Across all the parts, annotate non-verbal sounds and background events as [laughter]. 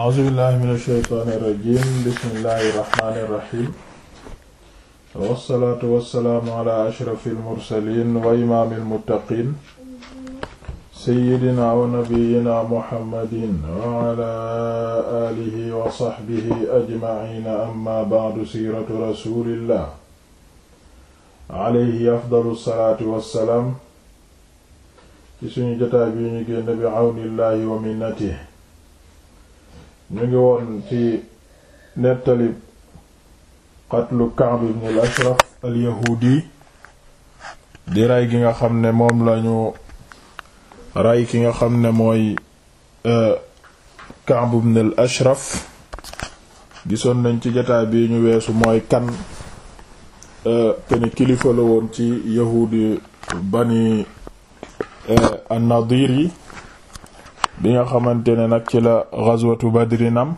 a'uuzu billahi mina shaytaani rajiim bismillahi rahmaani rahiim wassalaatu wassalaamu ala ashrafil mursaliin wa imaamil muttaqiin sayyidina wa nabiyyina muhammadin wa ala aalihi wa sahbihi ajma'iin amma ba'du siiratu rasuulillah alayhi afdalu salaatu wassalaam ci suñu jotaay bi ñu génn bi awnillahi wa minnatihi ñu ngi woon ci nettali qatlu Ka'b ibn al-Ashraf al-Yahudi di rey gi nga xam ne moom lañu ray ki nga xam ne mooy euh, Ka'b ibn ashraf gisoon nañ ci jotaay bi ñu weesu mooy kan euh, keni kilifa la woon ci yahuudi bani euh, an-Nadir yi bi nga xamante ne nag ci la ghazwatu badri nam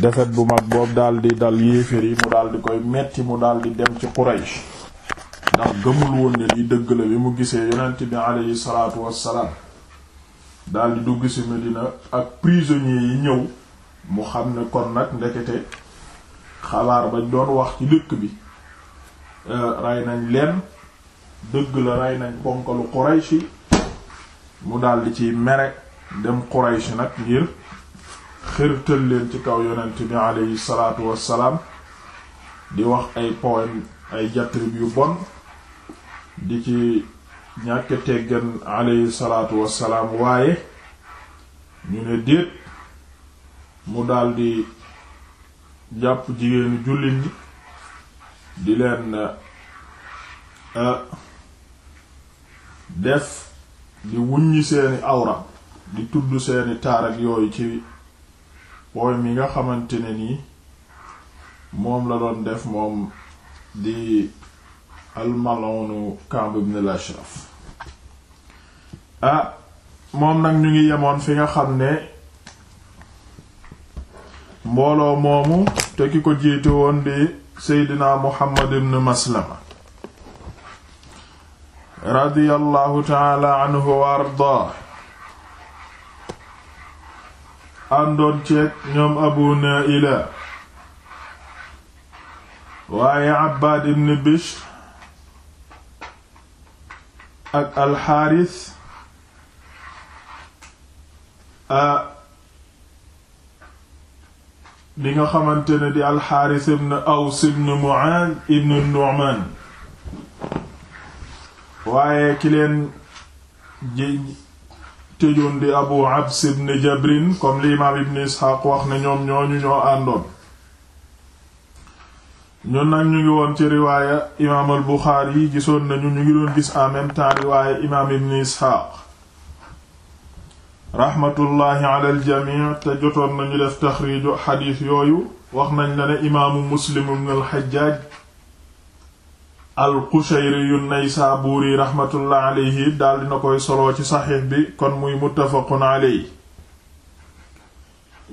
defet bu mag boobu daal di dal yéeféer yi mu dal di koy metti mu daal di dem ci Quraysh ndax gëmul woon ne li dëgg la bi mu gisee yonent bi aleyhi salaatu wassalaam daal di dugg ci Medina ak prisonniers yi ñëw mu xam ne kon nag ndekete xabaar bañ doon wax ci dëkk bi eh, rey nañ leen dëgg la rey nañ ponkalu Quraysh yi mu daldi ci mere dem Quraysh nag ngir xërtal leen ci kaw yonent bi aleyhi salaatu wassalaam di wax ay poème ay jatrib yu bon di ci ñàkk teggan aleyhi salaatu wassalaam waaye ñu ne déet mu daldi jàpp jigéenu jullit ñi di leen euh, def di wuññi seeni awra di tudd seeni taar ak yooyu ci woy mi nga xamante ne nii moom la doon def moom di almalonu Kaab ibn al-Ashraf ah moom nag ñu ngi yemoon fi nga xam ne mbooloo moomu te ki ko jiite woon di Seydina Muhammad ibn Maslama radiyallahu taala anhu wa ardaa àndoon ñoom abu naila waaye abbaad ibn bishr ak alxaaris a di nga xamante ne di alxaaris ibn aws ibn muaaz ibn nu'maan waaye ki leen tëjoon di abu abs ibn jabrin comme li imaam ibn isxaaq wax ne ñoom ñooñu ñoo àndoon ñun nag ñu ngi woon ci riwaaya imaam al buxaari yi gisoon nañu ñu ngi doon gis en même temps riwaaya imaam ibn isxaaq raxmatullahi ala te jotoon nañu def taxriiju xadiis yooyu wax nañ la ne imaamu muslim ibn al xajjaaj al Qushayri yu Naysaabuuri raxmatullah alayhi daal dina koy soloo ci saxiix bi kon muy muttafaqun alayhi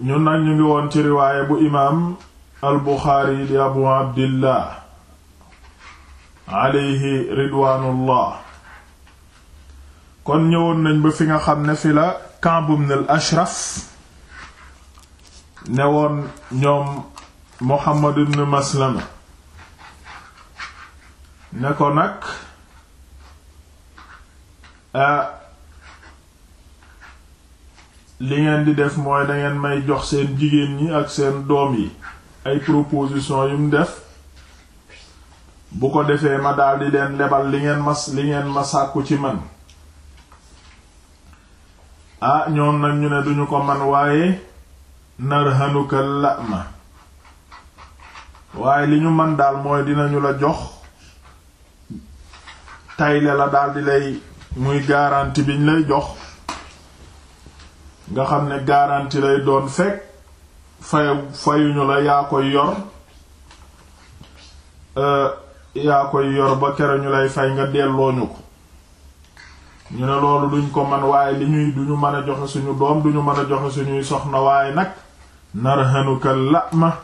ñun nag ñu ngi woon ci riwaaya bu imaam al Buxaari di abu abdillah alayhi ridwaanullah kon ñëwoon nañ ba fi nga xam ne fi la Kaab ibn Ashraf ne woon ñoom Muhammad ibn Maslama ne ko nag li ngeen di def mooy dangeen ngeen may jox seen jigéen ñi ak seen doom yi ay proposition yum def bu ko defee ma daldi leen lebal li ngeen ma li ma sàkku ci man ah ñoom nag ñu ne duñu ko man waaye narhanuka la ma waaye li ñu man daal mooy dinañu la jox tayle la daal di lay muy garantie biñ lay jox nga xam ne garantie lay doon fekk fayu fayuñu la yaa koy yor euh, yaa koy yor ba kere ñu lay fay nga dellooñu ko ñu ne loolu duñ ko man waaye li ñuy duñu mën a joxe suñu doom duñu mën joxe suñuy soxna waaye nag narhanuka la ma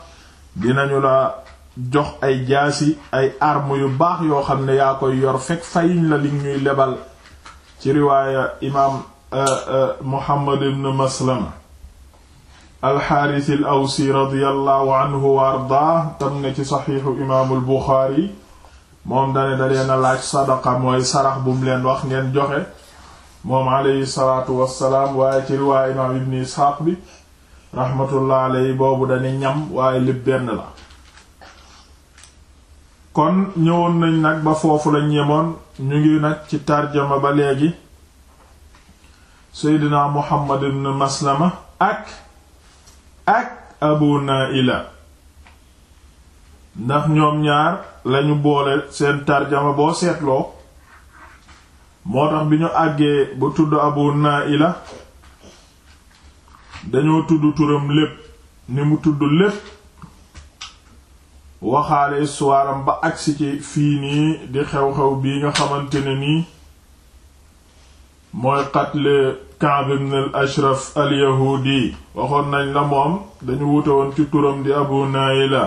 dinañu la jox ay jaasi ay arm yu baax yoo xam ne yaa koy yor fekk fayuñ la li ñuy lebal ci riwaaya imaam euh, euh, Muhammad ibn Maslama alxaaris al awsi radiallahu anhu wa ardaa tam ne ci saxiixu imaamul Buxaari moom dane da leen a laaj sadaqa mooy sarax bu leen wax ngeen joxe moom aleyhi salaatu wassalaam waaye ci riwaaya imaam ibn Isxaaq bi raxmatullah aleyhi boobu dane ñam waaye lépp benn la kon ñëwoon nañ nag ba foofu lañ yemoon ñu ngi nag ci tarjama ba léegi seydina muhammad ibn maslama ak abu naila ndax ñoom ñaar lañu boole seen tarjama boo seetloo moo tax bi ñu àggee bu tudd abu naila dañoo tudd turam lépp ni mu tudd lépp waxaale histoire ba agsi ci fii nii di xew-xew bii nga xamante ne nii mooy qatle Ka'b ibn al-Ashraf al-Yahudi waxoon nañ la moom dañu wute woon ci turam di Abu la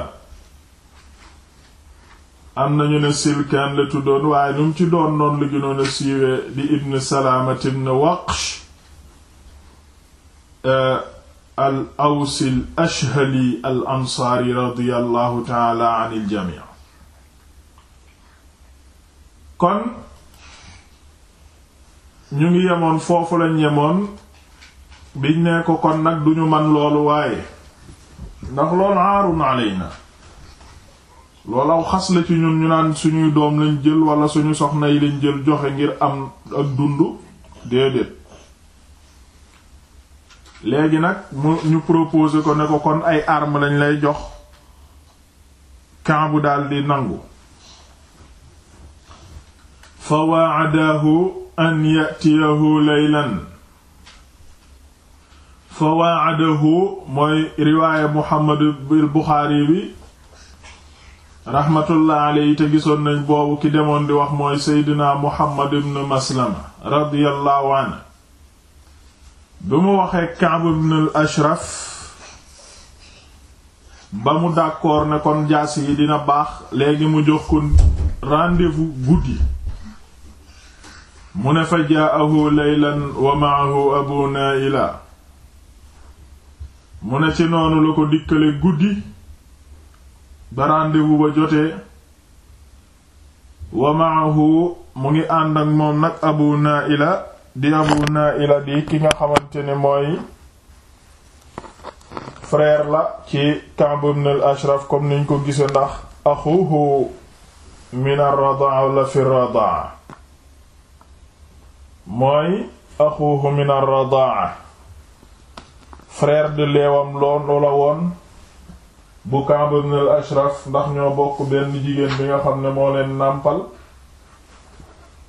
am nañu ne Silkaan la tuddoon waaye nu mu ci doon noonu lu gënoon a siiwee di Ibn Salaamat ibn al awsi al ashhali al ansaari kon ñu ngi yemoon foofu lañ yemoon biñ ne ko kon nag duñu man loolu waaye ndax loolu aarun alayna loolu aw xas la ci ñun ñu naan suñuy doom lañ jël wala suñu soxnay yi jël joxe ngir am ak dund déedéet léegi nag mu ñu proposé ko ne ko kon ay arm lañ lay jox Kaabu daldi nangu fa waa'adahu an ya'tiyahu laylan fa waa'adahu mooy riwaaya Muhammad bil Buxaari bi rahmatullah alayhi te gisoon nañ boobu ki demoon di wax mooy Seydina Muhammad ibn Maslama radiyallahu anhu bi mu waxee Ka'b ibn ashraf ba mu d'accord ne kon jaas yi dina baax léegi mu jox ko rendez-vous guddi mu ne fa ja'ahu laylan wa ma'ahu abu Naila mu ne ci noonu la ko dikkale guddi ba rendez ba jotee wa mu ngi ànd ak moom nag abu Naila di Abu Naila ki nga xamante ne mooy frère la ci Ka'b ibn ashraf comme niñ ko gisee ndax axuhu min ar-radaa wala fi mooy axuhu min ar-radaa frère leewam loolu la woon bu Ka'b ashraf ndax ñoo bokk benn jigéen bi nga xam ne moo leen nàmpal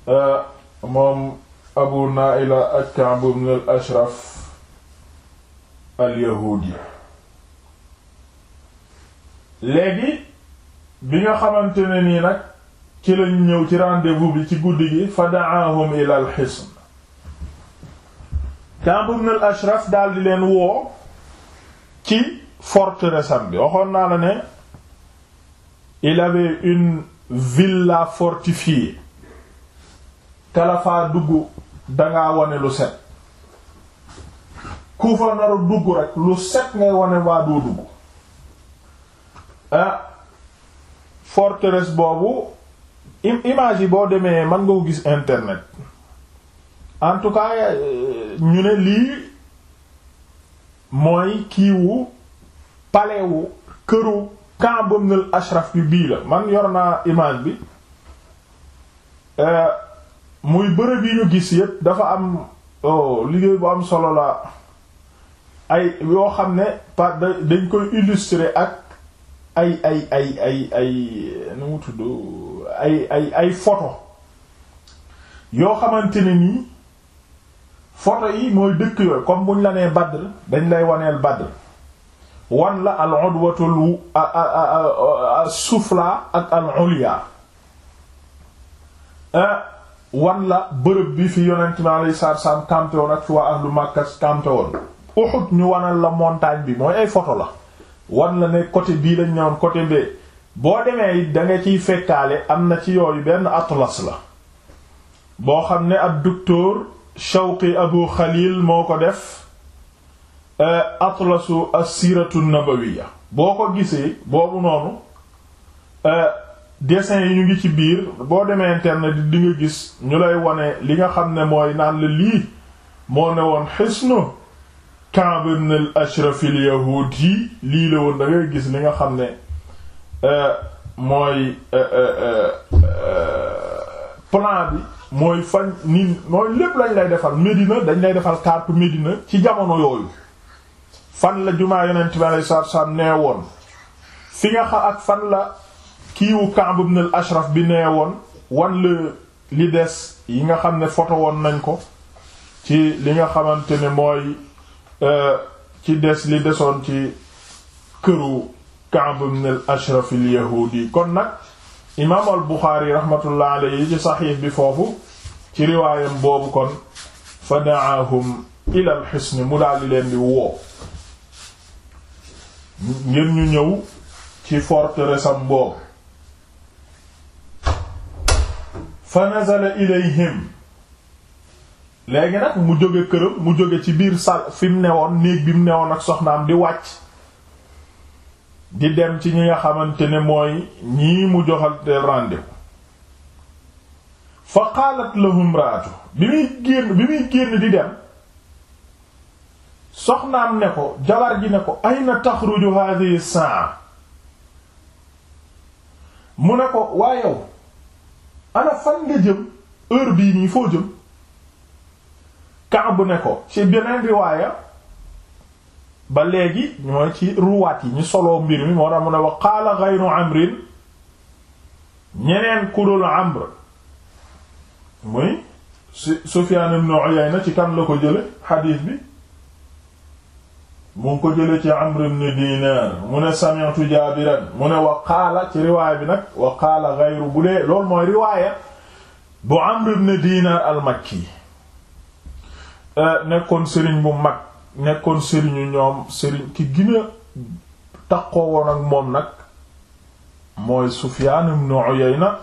euh, moom abu naila ak Ka'b ibn ashraf alyahuudi léegi bi nga xamante ne nii nag ci lañ ñëw ci rendez bi ci guddi gi fa da'ahum ila xisn Ka'b ibn ashraf daal di leen woo ci forteresse am bi waxoon naa la ne il avait une villa fortifiée te la faa dugg dangaa wane lu set ku fa naru dugg rek lu set ngay wane waa doo dugg ah boobu image yi boo demee mën nga ko gis internet en tout cas euh, ñu ne lii mooy kiiwu palewu këru camp Bamnal Ashraf bi bii la man yor naa image bi euh, muy bërëb yi ñu gis yépp dafa am oh, liggéey bu am solo la ay yoo xam ne par dañ koy illustrer ak ay ay ay ay ay nu mu tudd ay ay ay photo yoo xamante ne nii photo yi mooy dëkk yooyu comme buñ la nee Badr dañ lay waneel Badr wan la al udwatul sufla ak al ulya ah, wan la bërëb bi fi yonent bi alayhi salaatu wassalaam campé woon ak fi waa ahlu Makka campé woon Uhud ñu wanal la montagne bi mooy ay photo la wan la ne côté bii lañ ñëwoon côté bee boo demee da nga ciy fekkaale am na ci yooyu benn atlas la boo xam ne ab docteur Shawqi Abu Khalil moo ko def eh, atlasu as-siratu an-nabawiyya boo ko gisee boobu noonu eh, dessins yi ñu ngi ci biir boo demee internet di nga gis ñu lay wone li nga xam ne mooy naan la lii moo ne woon xisnu Kaab ibn al-Ashraf al woon da ngay gis li nga xam ne euh, mooy euh, euh, plan bi mooy fan nii mooy lépp lañ lay defal Médina dañ lay defal carte Médina ci jamono yooyu fan la jumaa yonent bi alayhi salaatu salaam nee woon fi nga xam ak fan la kiiwu Ka'b ibn ashraf bi nee woon li des yi nga xam ne foto woon nañ ko ci li nga xamante ne mooy euh, ci des li desoon ci këru Ka'b ibn al-Ashraf al kon nag imaam al-Bukhari rahmatullah alayhi ci saxiix bi foofu ci riwaayam boobu kon fa da'ahum ila al mu daal di leen di woo ngir ñu ñëw ci forteresse boobu fa nazala ilayhim léegi nag mu jóge këram mu jóge ci biir sal fi mu newoon néeg bi mu newoon ak soxnaam di wàcc di dem ci ñi nga xamante ne mooy ñii mu joxal te rendez-vous fa qaalat raatu bi muy génn bi muy génn di dem soxnaam ne ko jabar ji ne ko ayna taxruju hadhihi saa mu ne ko waayow ana fan nga jëm heure bii nii foo jëm Kaab ne ko ci beneen riwaaya ba léegi ñooy ci ruwaat yi ñu soloo mbir mi moo tax mu ne wa qaala ghayru amrin ñeneen ku dul amr muy Sufyaan ibn Uyayna ci kan la ko jële xadiis bi mu ngi ko jële ci Amr ibn Dinar mu ne sami'tu Jaabiran mu ne wa qaala ci riwaaya bi nag wa qaala ghayru bu loolu mooy riwaaya bu Amr ibn Dinar euh, nekkoon sëriñ bu mag nekkoon sëriñu ñoom sëriñ ki gën a woon ak moom nag mooy Sufyaan ibn Uyayna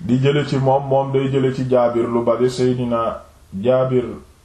di jële ci moom moom day jële ci Jaabir lu bari Seydina Jaabir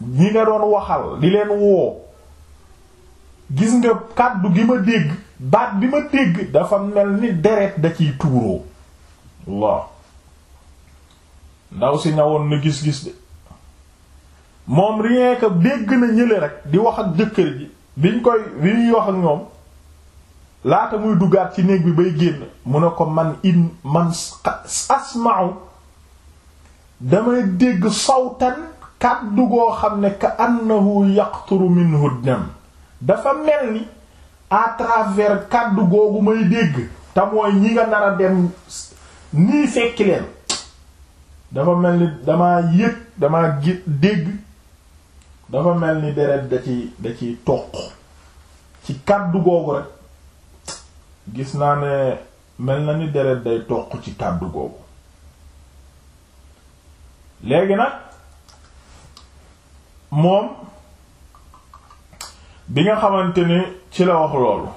ñi nga doon waxal di leen woo gis nga kàddu gi ma dégg baat bi ma dégg dafa mel ni deret da ciy tuuroo waaw ndaw si ñawoon na gis-gis de moom rien que dégg na ñële rek di wax ak jëkkër ji biñ koy bi ñuy wax ak ñoom laata muy dugaat ci néeg bi bay génn mu ne ko man in man asma'u damay dégg sawtan kàddu goo xam ne ka annahu yaqturu minhu dam dafa mel ni à travers kàddu googu may dégg te ñi nga nar a dem nii fekki leen dafa mel ni damaa yëg damaa gi dégg dafa mel ni deret da ci toq ci kàddu googu rek gis naa ne mel na ni deret day toq ci kàddu googu léegi nag moom bi nga xamante ni ci la wax loolu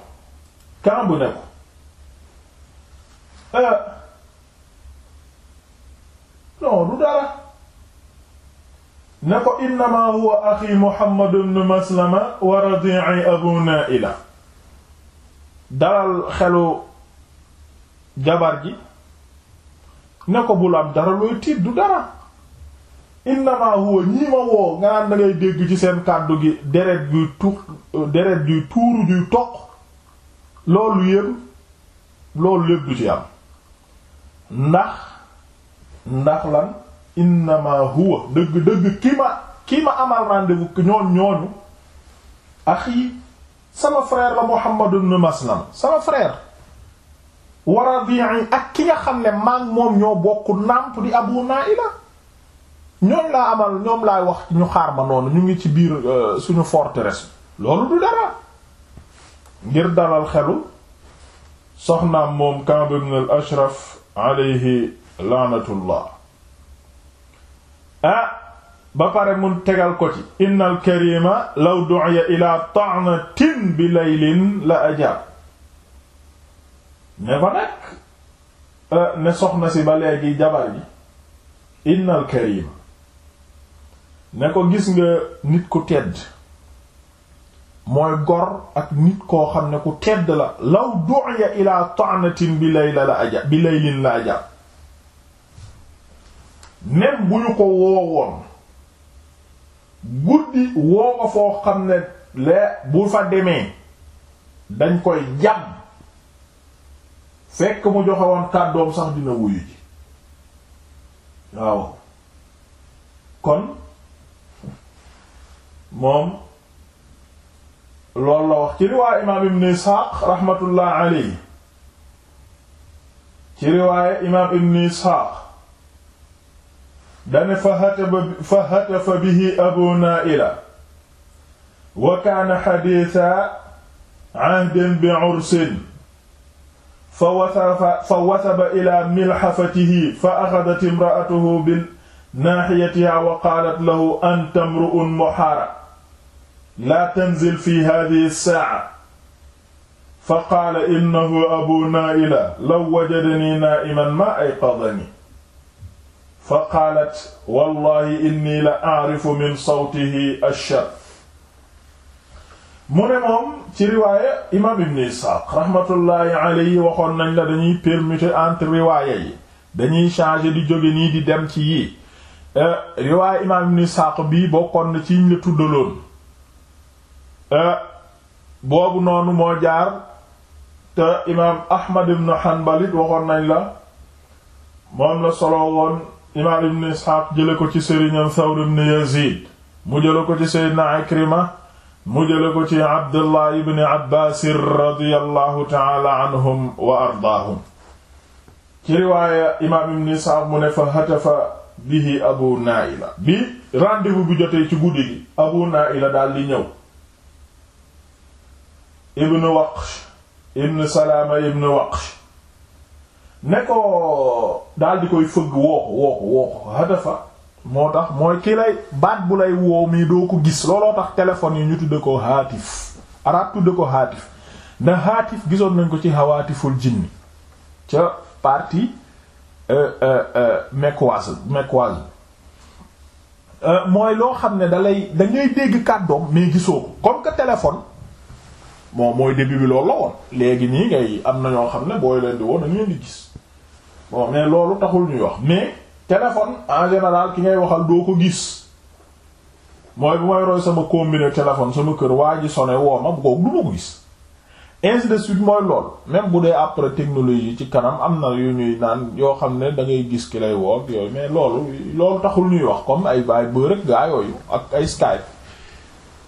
Kaab ne ko euh, non du dara ne ko innama huwa axi Muhammad ibn Maslama wa radi'i Abu Naila dalal xelu jabar ji ne ko bul am dara looy tiit du dara innama huwa ñi ma woo nga naan da ngay dégg ci seen kàddu gi deret juy tu euh, deret juy tuuru juy toq loolu yépp loolu lépp du ci am ndax ndax lan innama huwa dëgg dëgg ki ma ki ma amal rendez-vous ñoon ñooñu axi sama frère la Muhammad ibn Maslam sama frère wa rabi'i ak ki nga xam ne maak moom ñoo bokk nàmp di Abu Naila ñoom laa amal ñoom laay wax ñu xaar ma noonu ñu ngi ci biir euh, suñu forteresse loolu du dara ngir dalal xelu soxna moom Kaab ibn al Ashraf alayhi ah, ba pare mun tegal ko ci inna al karima law du'iya ila ta'natin bi laylin la ajab ne ba nag euh, ne soxna si ba léegi jabar ji inna al ne ko gis nga nit ku tedd mooy gor ak nit koo xam ne ku tedd la law du'ya ila ta'natin bi layla la aja bi laylin la aja même bu ñu ko woowoon guddi woowa foo xam ne lee bu fa demee dañ koy jàmm fekk mu joxe woon kàddoom sax dina wuyu ji waaw kon moom loolu la wax ci riwaaya imaam ibn isxaaq raxmatullah alayhi ci riwaaya imaam ibn isxaaq dane fa hatafa bihi abu naa'ila wa kaana xadiisa ahdin bi ursin fa wasaba ila milxafatihi fa axadat imraatuhu bil naaxiyatiha wa qaalat lahu anta mru'un muhaarab laa tanzil fi haadihi saa'a fa qaala innahu abu naa'ila law wajadanii naa'iman maa ayqadanii fa qaalat wallahi inni la a'rifu min sawtihi ash-sharr mu ne moom ci riwaayé imaam ibn isxaaq rahmatullaahi alayhi waxoon nañ la dañuy permuter entre riwaayé yi dañuy changer di jóge nii di dem ci yii Eh, riwaay imaam ibn Isaaq bii bokkoon na ci ñu la tuddaloon eh, boobu noonu moo jaar te imaam Ahmad ibn Hanbal waxoon nañ la moom na solo woon imaam ibn jële ko ci sëriñam Thawr ibn Yazid mu jële ko ci Seydina Ikrima mu jële ko ci Abdullah ibn Abbaas radiyallahu ta'ala anhum wa ardaahum ci riwaaya imaam ibn mu ne fa hatafa bihi abu naila bi rendez-vous jotee ci guddi gi abu naila daal di ñëw ibn waqsh ibn salaama ibn waqsh ne ko di koy fëgg wooku wooku wooku hadafa moo tax mooy ki lay baat bu lay woo doo ko gis looloo tax téléphone yi ñu tudd ko haatif arab tudde ko haatif ndax haatif gisoon nañ ko ci hawatiful jinni ca partie Euh, euh, euh, mecquoise mecquoise mooy loo xam ne dalay dangay dégg kàddoom mais gisoo ko comme que téléphone bon mooy début bi loolu la woon léegi nii ngay am na ñoo xam ne booy leen di woon dañu leen di gis bon mais loolu taxul ñuy wax mais téléphone en général ki ngay waxal doo ko gis mooy bu may roy sama combiné téléphone sama kër waa ji sone woo ma bu ko ko gis. ainsi de suite mooy lool même bu dee après technologie ci kanam am na yu ñuy naan yoo xam ne da ngay gis ki lay woog yooyu mais loolu loolu taxul ñuy wax comme ay baay bër ak gaa yooyu ak ay Skype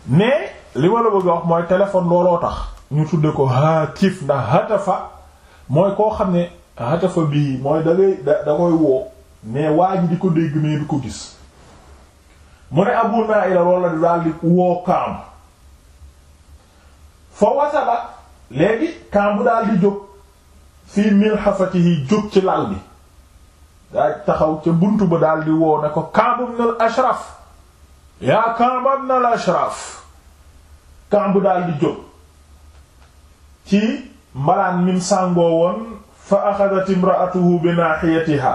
mais li ma la bëgg a wax mooy téléphone looloo tax ñu tudde ko haatif ndax hatafa mooy koo xam ne hatafa bii mooy da da da woo mais waa ji di ko dégg mais di ko gis mu ne Abu Naila loolu la daal di woo kaam fa wasaba léegi kaamu daal di jóg fii milhafatihi jóg ci lal bi daa taxaw ca bunt ba daal di woo ko Kaabu ibn al Ashraf yaa Kaabu ibn al Ashraf Kaabu daal di jóg ci mbalaan min sàngoo woon fa axadat imraatuhu bi naaxiyatiha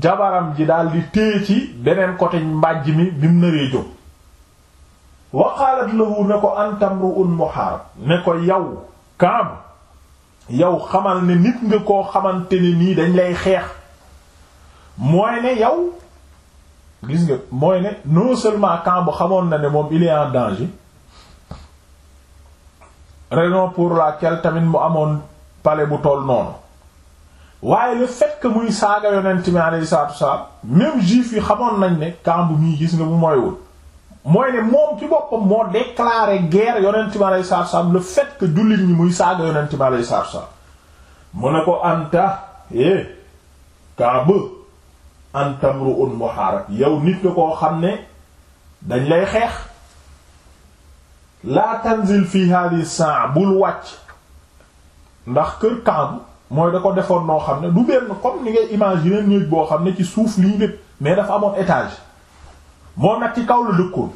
jabaram ji daal téye ci beneen côté mbàjj mi bi naree jóg wa qaalat lahu ne ko antamru'un muharab ne ko yow kaam yow xamal ne nit nga koo xamante ni nii dañ lay xeex mooy ne yow gis nga mooy ne non seulement kaam bu xamoon na ne moom il est danger raison pour laquelle tamit mu amoon pale bu tool noonu waaye le fait que muy saaga yonent mi alayhi salaatu wasalaam même juif yi xamoon nañ ne kaam bu mii gis nga bu mooywul mooy ne moom ci boppam moo déclaré guerre yonent bi aleyhi salaatu salaam le fait que jullit ñi muy saaga yonent bi aleyhi salaatu salaam mu ne ko anta eh Kaaba antamru'un muharib yow nit nga koo xam ne dañ lay xeex laa tanzil fi hadhihi saa bul wàcc ndax kër Kaaba mooy da ko defoon noo xam ne du benn comme ni ngay imaginer néeg boo xam ne ci suuf lii lépp mais dafa amoon étage moo nag ci kaw la dëkkoon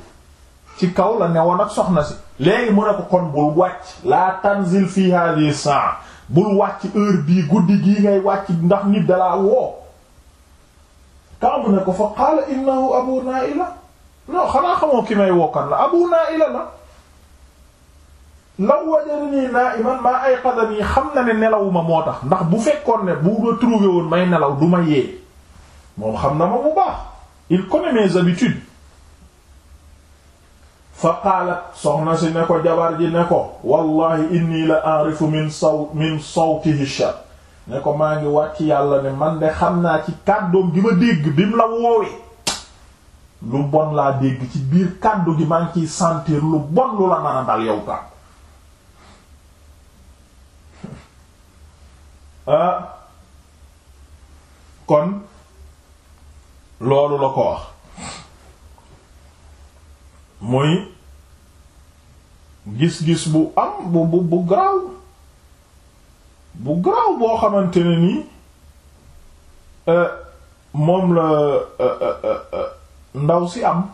ci kaw la newoon ak soxna si léegi mu ne ko bul wàcc la tanzil fi hadhihi saa bul wàcc heure bii guddi gii ngay wàcc ndax ni dalaa woo Kaab ne ko fa qaala innahu Abu Naila non law wajadani naa'iman maa ayqadani xam na ne nelawuma moo tax ndax bu fekkoon ne bu retrouvé woon may nelaw du ma yee moom xam na ma bu baax il connaît mes fa qaalat soxna si ne ko jabar ji ne ko wallahi inni la arifu min saw min sawtihi shar ne ko maa ngi wàcc yàlla ne man de xam naa ci kàddoom gi ma dégg bi mu la woowee lu bon laa dégg ci biir kàddu gi maa ngi ciy sentir lu bon lu la mën a dal yow tam [laughs] ah. kon loolu la ko wax muy gis-gis bu am bu bu bu garaaw bu garaaw boo xamante ne nii euh, moom la euh, euh, ndaw si am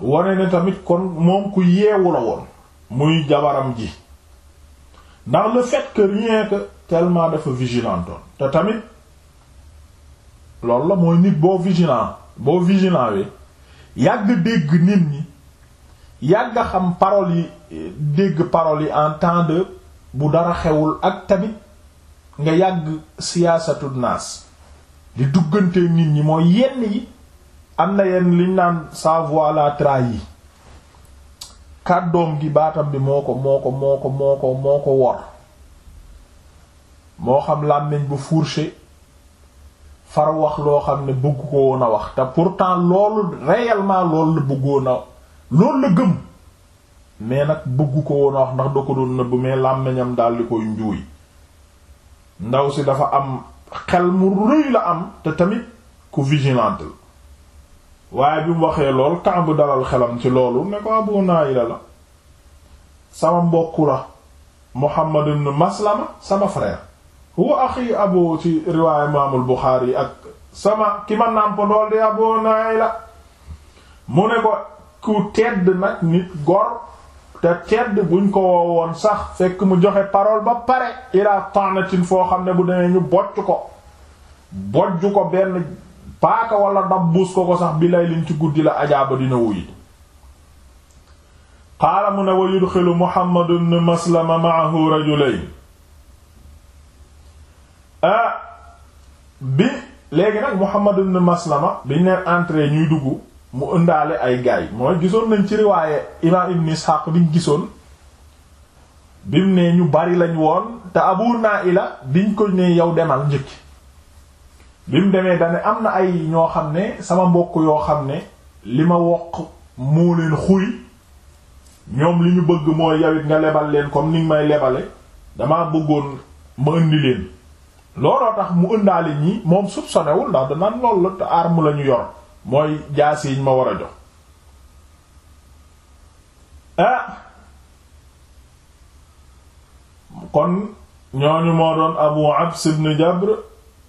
wane ne tamit kon moom ku yeewu la woon muy jabaram ji ndax la fait que rien que tellement dafa vigilantoon te tamit loolu la mooy nit boo vigilant boo vigilant yàgg dégg nit ñi yàgg xam paroles yi dégg paroles yi en temps de bu dara xewul ak tamit nga yàgg siyaasatu naas di duggante nit ñi mooy yenn yi am na yenn liñ naan sa voix la kàddoom gi baatam bi moo ko moo ko moo ko moo ko moo ko wor moo xam làmmiñ bu fourché far wax loo xam ne bëgg ko woon wax te pourtant loolu réellement loolu la bëggoon loolu la gëm mais nag bëggu ko woon a wax ndax da ko doon nëbb mais làmmiñam daal di koy njuuy ndaw si dafa am xel mu rëy la am te tamit ku vigilante la waaye bi mu waxee lool Kaab dalal xelam ci loolu ne ko Abu Naayila la sama mbokku la Muhammad ibn Maslama sama frère huwa axi abu ci riwaaya Imaamul Buxaari ak sama ki ma nàmp lool di Abu Naayila mu ne ko ku tedd nag nit gor te tedd buñ ko woowoon sax fekk mu joxe parole ba pare ilaa tanatin foo xam ne bu demee ñu bocc ko bojj ko benn paaka wala dabbuus ko ko sax bi lay liñ ci guddi la ajaaba dina wuyi qaala mu ne wa yudxilu Muhammad ibn Maslama ma'ahu rajulayn ah bi léegi nag Muhammad ibn Maslama biñ leen entrée ñuy dugg mu ëndaale ay gaay mooy gisoon nañ ci riwaaye imaam ibn Ishaq biñ gisoon bim ne ñu bari lañu woon te naa Naila diñ ko ne yow demal njëkk bim demee dane am na ay ñoo xam ne sama mbokk yoo xam ne li ma wokk moo leen xuy ñoom li ñu bëgg mooy yawit nga lebal leen comme ni may lebale dama bëggoon ma indi leen looloo tax mu ëndaale ñi moom soupçonné wul ndax danaan loolu la te arme la yor mooy jaasi yiñ ma war a jox ah kon ñooñu moo doon abu abs ibn jabr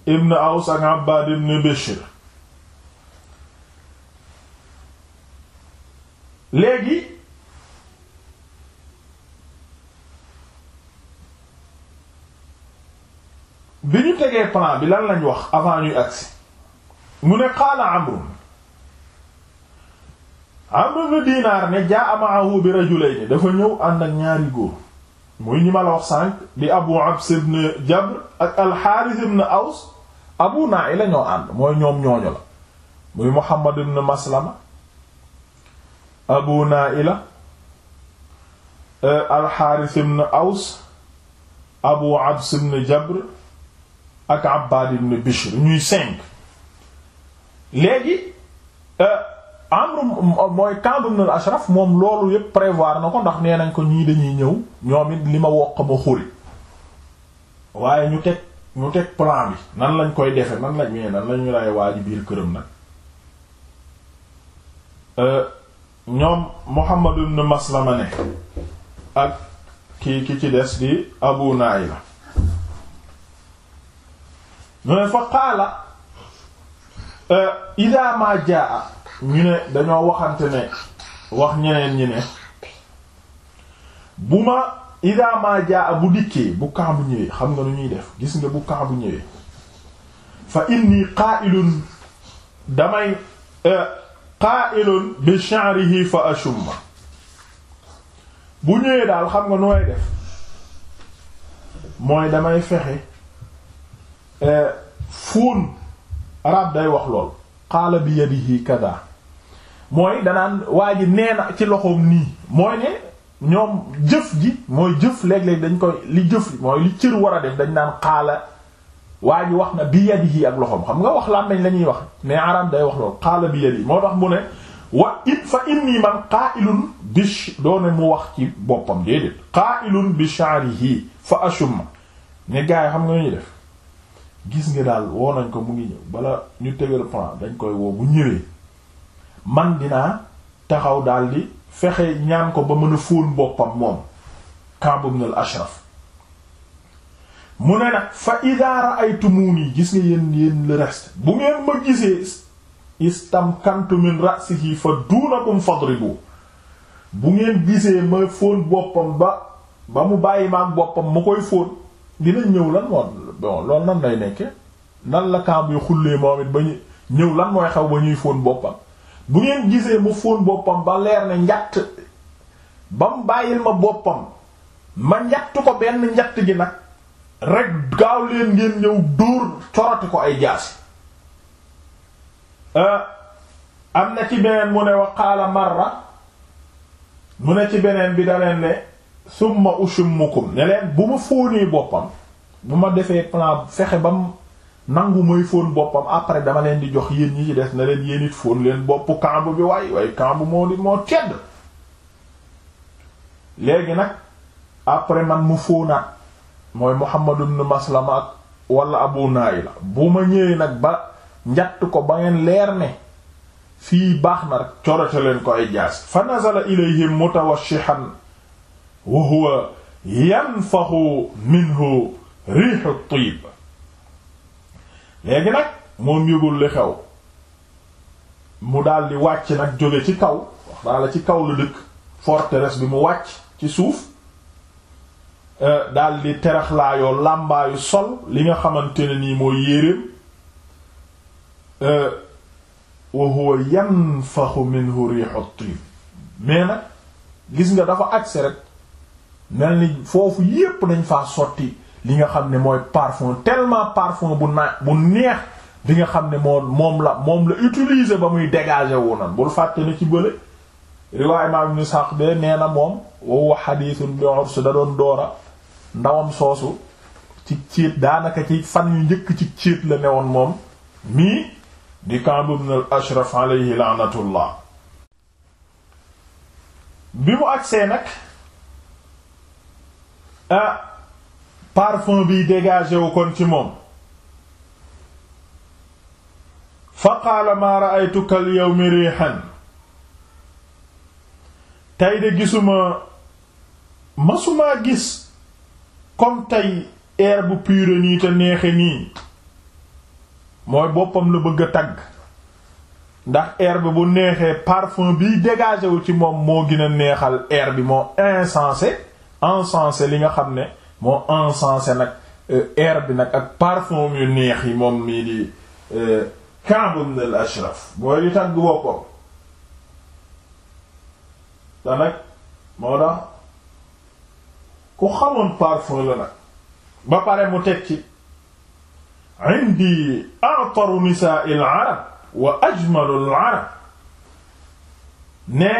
ibn aws ak abbad ibn bishr léegi bi ñu tegee plan bi lan lañu wax avant ñuy agsi mu ne qaala amrun Amr ibn Dinaar ne jaa ma'ahu bi rajulayni dafa ñëw ànd ñaari góor muy ñi ma la wax sànq di Abu Abs ibn Jabr ak al-Harith ibn Abu Naila ñoo ànd mooy ñoom ñooñu la muy Muhammad ibn Maslama Abu Naila eh, al-Harith Abu Abs ibn Jabr ak Abbad léegi. Eh, Amr mooy Ka'b ibn al-Ashraf moom loolu yëpp prévoir na ko ndax nee nañ ko ñii dañuy ñëw ñoom it li ma wokk ma xuri waaye ñu teg ñu teg plan bi nan lañ koy defe nan lañ mee nan lañu lay waa ji biir këram nag euh, ñoom Muhammad ibn Maslama ne ak kii ki ci des di Abu Naila ñu ne fa qaala euh, ida ma ñu ne dañoo waxante ne wax ñeneen ñi ne bu ma idama jaa bu dikkee bu kaabu ñëwee xam nga nu ñuy def gis nga bu kaabu ñëwee fa inni qaa'ilun damay euh, qaa'ilun bi sha'rihi fa ashumma bu ñëwee daal xam nga nooy def mooy damay fexe euh, fóon arab day wax lool qaala bi yadihi kada mooy danaan waa ji nee na ci loxoom nii mooy ne ñoom jëf ji mooy jëf léeg-léeg dañ koy li jëf mooy li cër war a def dañ naan xaala waa ji wax na bi yadihi ak loxoom xam nga wax làmmiñ la ñuy wax mais arab day wax loolu xaala bi yadihi moo tax mu ne wa it fa inni man qaa'ilun bi doone mu wax ci boppam déedéet qaa'ilun bi sha'rihi fa ashum ne gars yi xam nga ñuy def gis nga daal woo nañ ko mu ngi ñëw bala ñu tegal plan dañ koy woo bu man dinaa taxaw daldi fexe ñaan ko ba mën a fóon boppam moom Kaab ibn al-Ashraf mu ne nag fa idaa yi gis nga yéen yéen le reste bu ngeen ma gisee istamkantu min ra'sihi fa duunakum fadribu bu ngeen gisee ma fóon boppam ba ba mu bàyyi ma boppam ma koy fóon dina ñëw lan woon bon loolu nan nekke nan la Kaab yu xullee moom it ba ñu ñëw lan mooy xaw ba ñuy fóon boppam bu ngeen gisee mu fóon boppam ba leer ne njatt ba mu bàyyil ma boppam ma njatt ko benn njatt gi nag rek gaaw leen ngeen ñëw dóor coroti ko ay jaasi euh, am na ci beneen mu ne wa qaala mu ne ci beneen bi da leen ne summa ushummukum ne leen bu ma fóonee boppam bu ma defee plan fexe ba mu nangu mooy fóon boppam après dama leen di jox yéen ñi ci des na leen yéen it fóon leen boppu kamb bi waay waay kamb moo di moo tedd léegi nag après man mu fóonaat mooy Muhammad ibn Maslama ak wala Abu Naila bu ma ñëwee nag ba njatt ko ba ngeen leer ne fii baax na rek corote leen ko ay jaas fa nazala ilayhim mutawashihan wa huwa yanfaxu minhu rihu tib léegi nag moom yëgul li xew mu daldi wàcc nag jóge ci kaw wax daa ci kaw la dëkk forteresse bi mu wàcc ci suuf euh, daldi di teraxlaayoo làmbaayu sol li nga xamante ne nii mooy yéreem euh, wa huwa yanfaxu minhu rihu tib mais nag gis nga dafa agsi rek mel ni foofu yépp dañ faa sotti li nga xam ne mooy parfum tellement parfum bu naa bu neex bi nga xam ne moo moom la moom la utilise ba muy dégager wu nan bul fàtte ne ci bële riwaay imaam ibn Sa'd be nee na moom wow xadiisun bi urs da doon doora ndawam soosu ci céet daanaka ci fan yu njëkk ci céet la woon moom mii di Ka'b ibn al-Ashraf alayhi la'natullah bi mu agsee nag ah, parfum bi dégagé wu kon ci moom fa qaala maa ra'aytuka al-yawma tey de gisuma masumaa gis comme tey air bu pure nii te neexe nii mooy boppam la bëgg a tagg ndax air bi bu neexee parfum bi dégagé wu ci moom moo gën a neexal air bi moo insensé insensé li nga xam ne moo encensé nag euh, air bi nag ak parfum yu neex yi moom mii di euh, Ka'b ibn al-Ashraf mooy di tagg boppam te nag moo tax ku xamoon parfum la nag ba pare mu teg ci indi a'taru nisaa'i al-arab wa ajmalu al-arab ne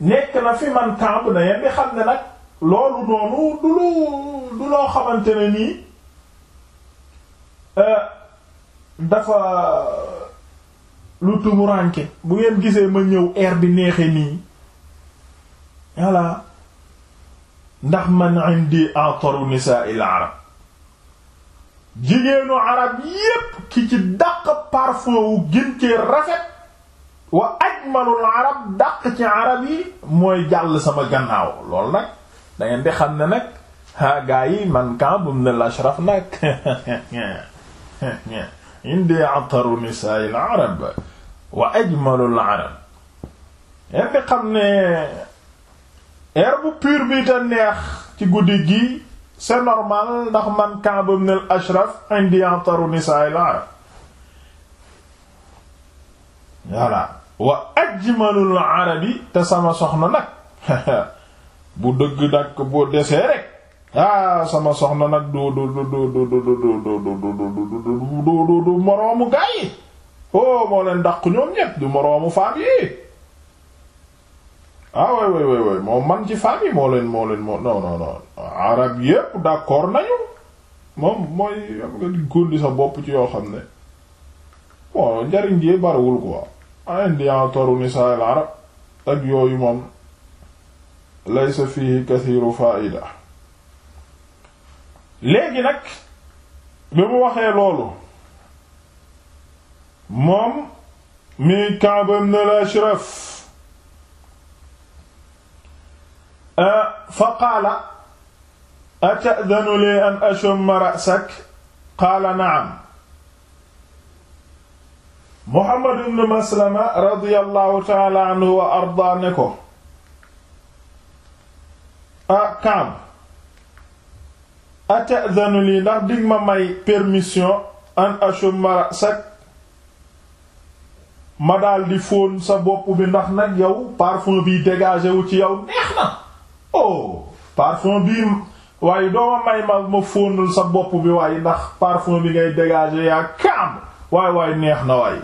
nekk na fi man Ka'b na yenn xam ne nag loolu noonu du du loo xamante ne nii euh, dafa lu tumuranke bu ngeen gisee ma ñëw air bi neexee nii voilà ndax man indi ataru nisaa'il arab jigéenu arab yépp ki ci dàq parfum wu gën rafet wa ajmalul arab dàq ci arab yi mooy jàll sama gannaaw loolu nag da di xam ne nag ah gaa yi man Ka'b al-Ashraf nag indi ataru nisaa'il arab wa ajmalul arab yéen di xam ne air bu pur bi te neex ci guddi gi c'est normal ndax man Ka'b ibn al-Ashraf indi ataru nisaa'il arab voilà wa ajmalul arabi te sama soxna nag [laughs] bu dëgg nag bu desee rek. ah sama soxna nag du du du du du du du du moroomu gaa yi oh moo leen dàq ñoom ñépp du moroomu femme yi ah way way way way moom man ci femme yi moo moo leen moo non non non arab yépp d'accord nañu moom mooy am nga góndi yoo xam ne bon njariñ jee bariwul quoi indian toru nisaa al arab ak yooyu moom laysa fihi kathiru fa'ida léegi nag bi mu waxee loolu moom mi Ka'b ibn al-Ashraf fa qaala ata'dhanu li an ashumma ra'sak qaala na'am Muhammad ibn Maslama radiyallahu ta'ala anhu wa arda ne ko a Ka'b ata'zanu lii ndax dig ma may permission an ashumma ra'sak ma daldi fóon sa bopp bi ndax nag yow parfum bi dégagé wu ci yow neex na oh parfum bi waaye dooma may ma ma fóonul sa boppu bi waaye ndax parfum bi ngay dégagé yaa kaam waaye waaye neex na waaye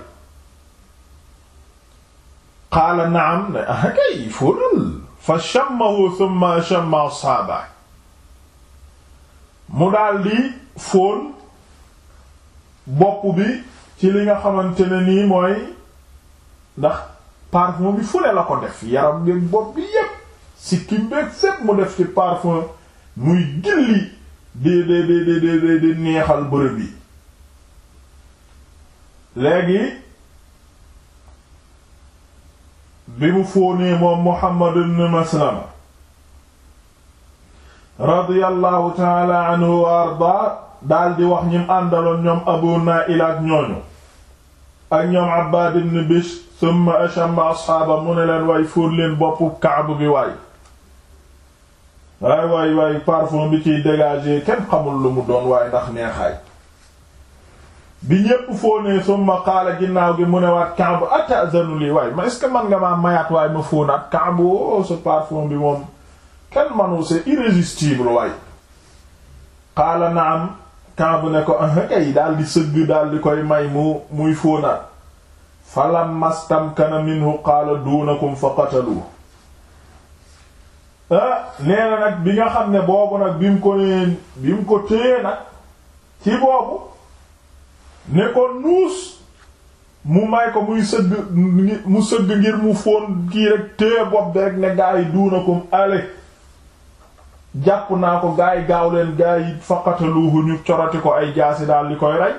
qaala na'am ne ah kay fóonul fa shammahu thumma shamma ashaaba mu daldi fóon bopp bi ci li nga xamante ne nii mooy ndax parfum bi fule la ko def yaram bi bopp bi yépp sikkim beeg fépp mu def ci parfum muy gilli di di di di di neexal bërëb yi léegi bi mu fóonee moom Muhammad ibn Maslama radiyallahu taala anhu wa arda daal wax ñim àndaloon ñoom abu naa'ila ak ñooñu ak ñoom abbaad ibn bish summa ashamba asxaaba mu ne leen way fuur boppu kaabu bi waay waay waay waay parfum bi ciy dégagé kenn xamul lu mu doon waaye ndax neexaay bi ñépp fóonee summa qaala ginnaaw gi mu ne waat kaabu atazanu lii waay ma est ce que man nga mayaat waaye ma fóonaat kaabu sa parfum bi moom kenn manu c'est irrésistible waay qaala naam Kaab ne ko ah kay daal di sëgg daal di koy may mu muy fóonaat falamma stamkana minhu qaala duunakum fa qataluhu ah, nee na nag bi nga xam ne boobu nag bi mu ko nee bi mu ko téye nag ci boobu ne ko nuus mu may ko muy sëgg mu sëgg ngir mu fóon kii rek téye bopp bi rek ne gaa duunakum ale jàpp naa ko gaa gaaw leen gaa yi faqataluuhu ñu coroti ko ay jaasi daal koy rey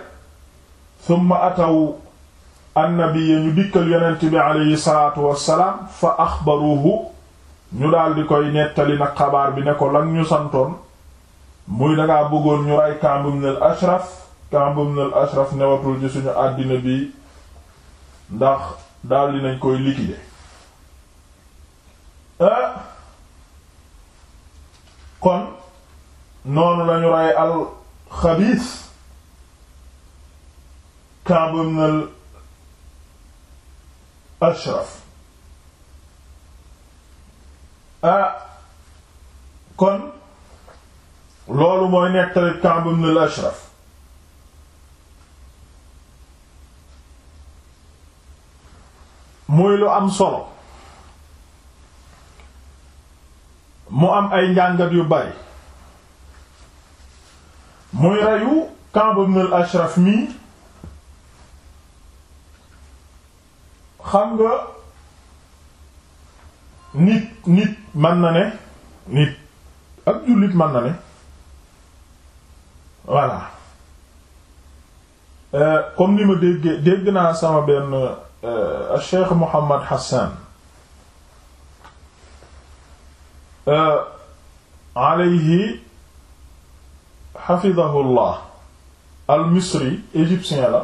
summa ataw annabiyya ñu dikkal yonent bi aleyhi salaatu wassalaam fa axbaruuhu ñu daal di koy nettali nag xabaar bi ne ko lan ñu santoon muy dangaa bëggoon ñu rey Kaab ibn al Ashraf newatul ci suñu àddina bi ndax daal nañ koy liquider ah! kon noonu lañu rey al xabiis Kaab ibn al Ashraf ah kon loolu mooy nettali Kaab ibn al Ashraf muy lu am solo mu am ay njàngat yu bari muy reyu Kaab ibn al-Ashraf mi xam nga nit nit mën na ne nit ab jullit mën na ne voilà euh, comme ni ma dégg dégg naa sama benn euh, Cheikh Mohammed Hassan Euh, alayhi xafidahullah al misri égyptien la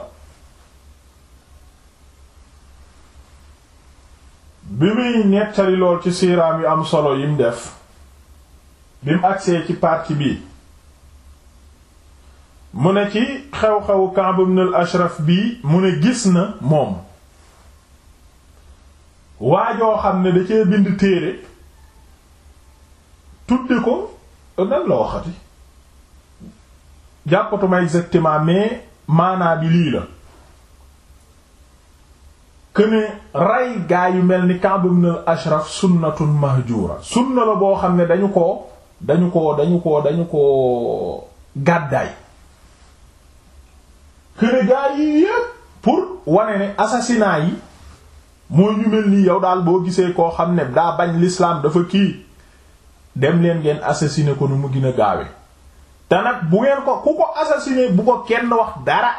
bi muy nettali lool ci siiraam yu am solo yim def bi agsee ci partie bi mu ne ci xew-xewu Ka'b ibn al-Ashraf bii mu ne gis na moom waajoo xam ne da cee bind téere tudde ko euh, nan la waxati jàppatuma exactement mais maanaa bi lii la këne rey gaa yu mel ni Ka'b ibn al-Ashraf sunnatun mahjura sunna la boo xam ne dañu ko dañu ko dañu ko dañu ko gàddaay këne gaa yi yépp pour wane ne assassinat yi mooy ñu mel nii yow daal boo gisee koo xam ne daa bañ l'islam dafa kii dem leen ngeen assassiner ko nu mu gën a gaawe te nag bu ngeen ko ku ko assassiner bu ko kenn wax dara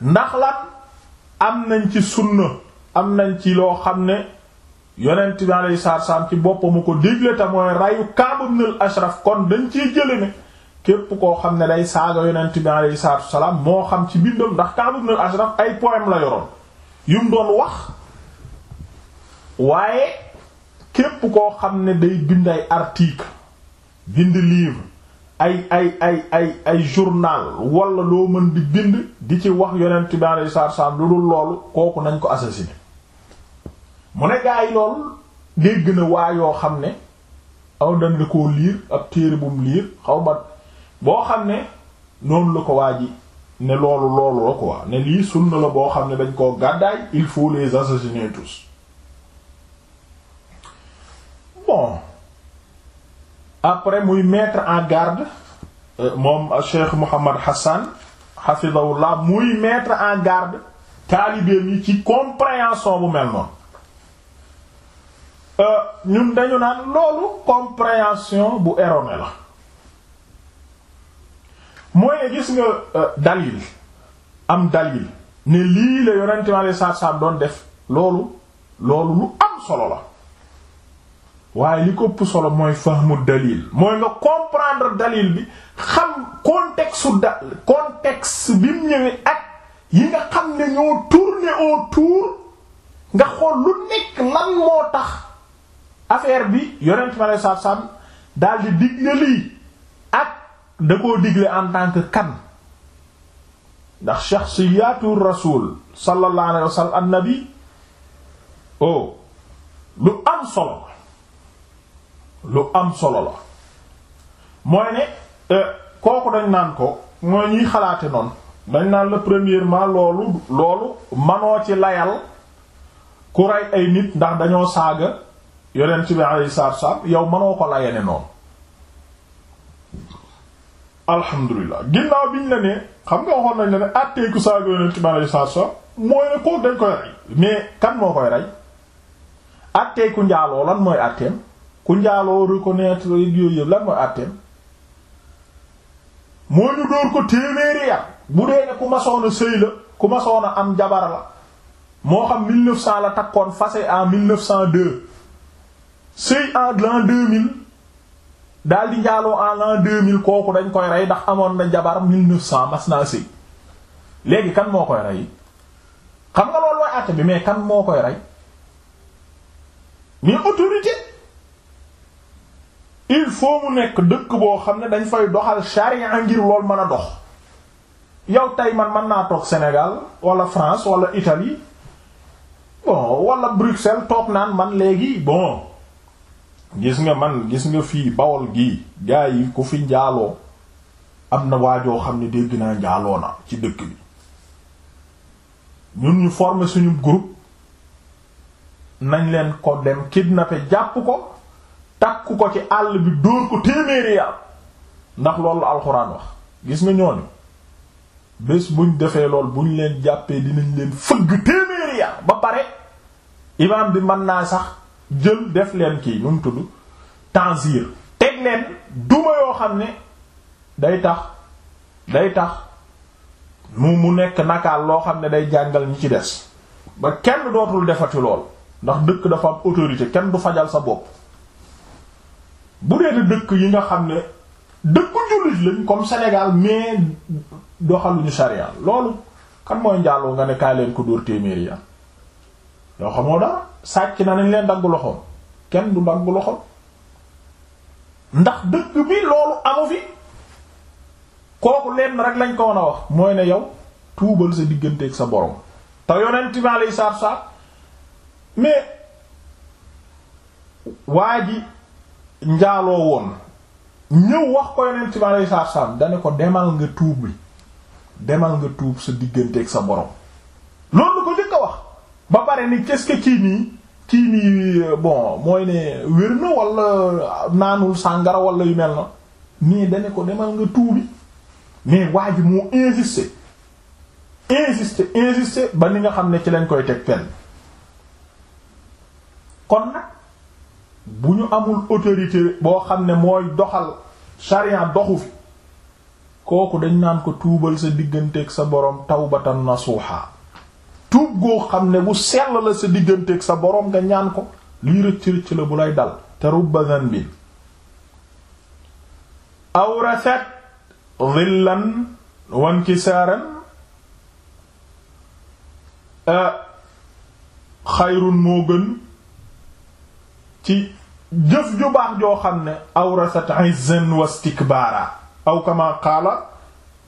ndax lan am nañ ci sunna am nañ ci loo xam ne yonent bi alayhi salaam ci boppam ko digle te mooy rayu Kaab ibn al Ashraf kon dañ ciy jële ne képp koo xam ne day saaga yonent bi alayhi salaam moo xam ci bindam ndax Kaab ibn al ay poème la yoroon yum doon wax waaye képp koo xam ne day bind ay article bind livre ay ay ay ay ay journal wala loo mën di bind di ci wax yonent bi alayhi salaam lu dul loolu kooku nañ ko assassiné mu ne gaa loolu dégg na waa yoo xam ne aw dan la koo liir ab téere bum liir xaw ma boo xam ne noonu la ko waa ji ne loolu loolu la quoi ne lii sunna la boo xam ne dañ koo gàddaay il faut les assassiner tous bon après muy mettre en garde euh, moom euh, Cheikh Mouhamad Hassan hafidahullah muy mettre en garde taalibeem yi ci compréhension bu mel noonu euh, ñun dañu naan loolu compréhension bu erronée la mooy ne gis nga dalil am dalil ne lii la yonente mi alei satu doon def loolu loolu lu am solo la waaye li ko ëpp solo mooy fahmu dalil mooy nga comprendre dalil bi xam contexte su da contexte bi mu ñëwee ak yi nga xam ne ñoo tourner autour nga xool lu nekk lan moo tax affaire bi yonent ma ak da koo digle en tant que kan ndax shakhsiyatu rasul sallallahu annabi oh lu am solo. lu am solo la mooy ne euh, kooku dañ naan ko mooy ñuy xalaate noon dañ naan la premièrement loolu loolu manoo ci layal ku rey ay nit ndax dañoo saaga yonent bi alayhi salaatu salaam yow manoo ko layane noonu alhamdulilah ginnaaw biñ la ne xam nga waxoon nañ la ne àttee ku saaga yonent bi alayhi salaatu salaam mooy ne kooku dañ koy rey mais kan moo koy rey àttee njaaloo lan mooy àtteem ku njaaloo reconnaître yooyu yëpp lan mooy àtteem moo ñu dóor ko téeméeri yar bu dee ne ku masoon a sëy la ku masoon a am jabar la moo xam 1900 la takkoon fase en 1902 sëy en l'an 2000 daal di njaaloo en l'an 2000 kooku dañ koy rey ndax amoon na jabar 1900 mas naa sëy léegi kan moo koy rey xam nga loolu mooy àtte bi mais kan moo koy rey mais autorité. il faut mu nekk dëkk boo xam ne dañ fay doxal charia ngir lool mën a dox yow tey man mën naa toog senegal wala France wala Italie bon wala Bruxelles toog naan man léegi bon gis nga man gis nga fii Bawol gi gaa yi ku fi njaaloo am na waajoo xam ne dégg naa njaaloo na ci dëkk bi ñun ñu former suñu groupe nañ leen ko dem kidnapper jàpp ko takku ko ci àll bi dóor ko téeméeri yar ndax loolu alxuraan wax gis nga ñooñu bés buñ defee lool buñ leen jàppee dinañ leen fëgg téeméeri yar ba pare imaam bi mën naa sax jël def leen kii nu mu tudd tanzir teg leen duma yoo xam ne day tax day tax mu mu nekk nakaal loo xam ne day jàngal ñi ci des ba kenn dootul defati lool ndax dëkk dafa am autorité kenn du fajal sa bopp bu dee dëkk yi nga xam ne dëkku jullit lañ comme Sénégal mais doxaluñu sharia loolu kan mooy njaaloo nga ne leen ko dóor téeméeri ya yoo xamoo dara sàcc na nañ leen dagg loxoom kenn du dagg loxoom ndax dëkk bi loolu amu fi kooku leen rek lañ ko mën a wax mooy ne yow tuubal sa digganteeg sa boroom te yonent bi alayhi salaatu salaam mais waa ji njaaloo woon ñëw wax ko yonent bi alayhi salaatu salaam dane ko demal nga tuub li demal nga tuub sa digganteeg sa borom loolu ko njëkk a wax ba pare ni qu'est-ce que kii nii kii nii bon mooy ne wér na wala naanul sàngara wala yu mel na mais dane ko demal nga tuubi mais waa ji moo insister insister insister ba ni nga xam ne ci lañ koy teg fenn kon nag bu ñu amul autorité boo xam ne mooy doxal sharia doxu fi kooku dañ naan ko tuubal sa digganteeg sa boroom tawbatan nasuha tuub goo xam ne bu sell la sa digganteeg sa boroom nga ñaan ko lii rëcc rëcc la bu lay dal te rubba dhanbin awrasat dhillan wankisaaran eh, xayrun moo gën ci jëf ju baax joo xam ne awrasat izzan wa istikbaara aw kama qaala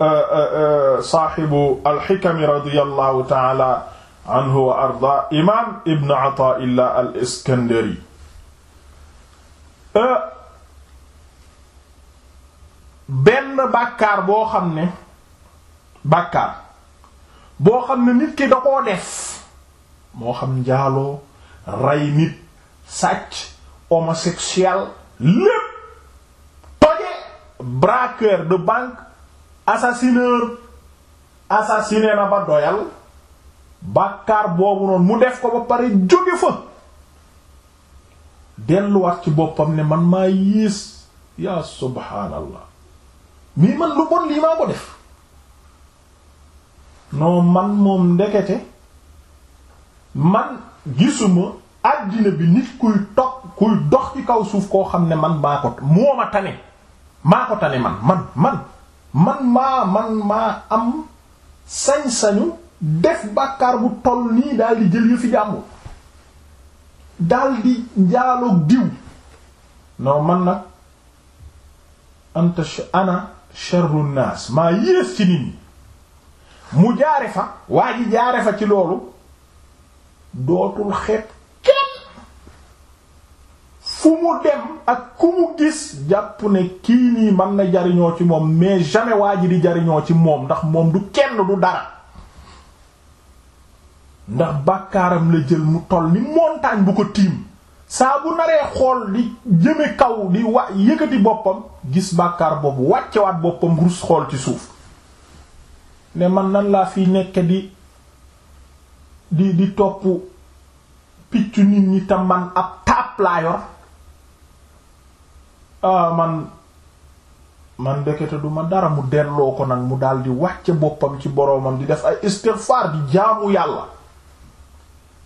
euh, euh, euh, saaxibu alxikami radiyallahu taala anhu wa arda imaam ibn ataillah al iskandari benn bàkkaar boo xam ne bàkkaar boo xam ne nit ki da koo def moo xam njaaloo rey nit sàcc homosexuel lépp toje braqueur de banque assassineur assassiné na ba doyal bàkkaar boobu noonu mu def ko ba pare jóge fa delluwaat ci boppam ne man maa yiis yaa subhaanallah mii man lu bon lii maa ko def non man moom ndekete man gisuma àddina bi nit kuy toog kuy dox ci kaw suuf koo xam ne man maa ko moo ma tane maa ko tane man man man man maa man maa am sañ-sañu def bàkkaar bu toll nii daal di jël yu fi jàmbur daal di njaaloog diw non man nag anta ana sharru naas maa yées ci nit ñi mu jaare fa waa ji jaare fa ci loolu dootul xeet fu mu dem ak ku mu gis jàpp ne kii nii mën na jariñoo ci moom mais jamais waa ji di jariñoo ci moom ndax moom du kenn du dara ndax bàkkaaram la jël mu toll ni montagne bu ko tiim saa bu naree xool di jëme kaw di wa yëkkati boppam gis bàkkaar boobu wàccewaat boppam rus xool ci suuf ne man nan laa fi nekk di di di topp piccu nit ñi te man ab taab laa yor ah man man ndekete du ma dara mu delloo ko nag mu daal di wàcce boppam ci boroomam di def ay istighfar di jaamu yàlla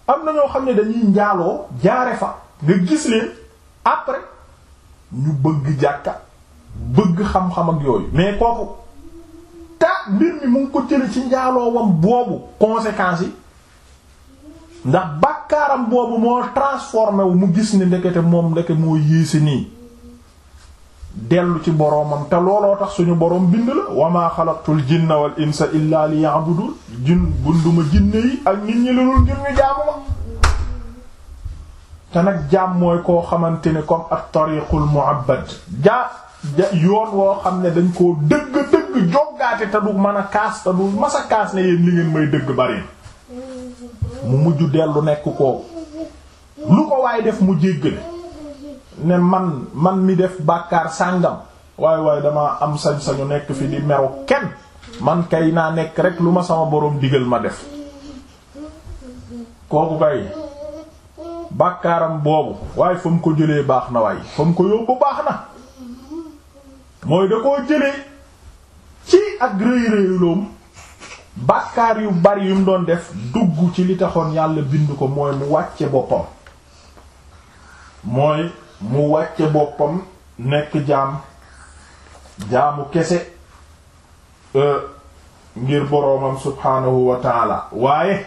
am na ñoo xam ne dañuy njaaloo jaare fa nga gis leen après ñu bëgg jàkka bëgg xam-xam ak yooyu mais kooku ta mbir mi mu ngi ko jële ci njaaloo wam boobu conséquences yi ndax bàkkaaram boobu moo transformé wu mu gis ni ndekete moom ndeke moo yéese nii dellu ci boroomam te looloo tax suñu boroom bind la wa maa xalaqtul jinna wal insa illaa liya'budun jin bunduma jinne yi ak nit ñi lulul ngir ñu jaamu ma te nag jaam mooy koo xamante ni comme at-tariqul mu'abbad ja yoon woo xam ne dañ koo dëgg-dëgg joggaate te du mën a kaas te du mas a kaas ne yéen li ngeen may dëgg bari mu mujj dellu nekk kooku lu ko waaye def mu jéggale ne man man mi def bàkkaar sàngam waaye waaye damaa am sañ-sañu nekk fi di meru kenn man kay naa nekk rek lu ma sama boroom digal ma def kooku kay bàkkaaram boobu waaye fa mu ko jëlee baax na waaye fa mu ko yóbbu baax na mooy da koo jëlee ci ak rëy rëyloom bàkkaar yu bari yum doon def dugg ci li taxoon yàlla bind ko mooy mu wàcce boppam mooy mu wàcce boppam nekk jaam jaamu kese euh, ngir boroomam subhaanahu wa waaye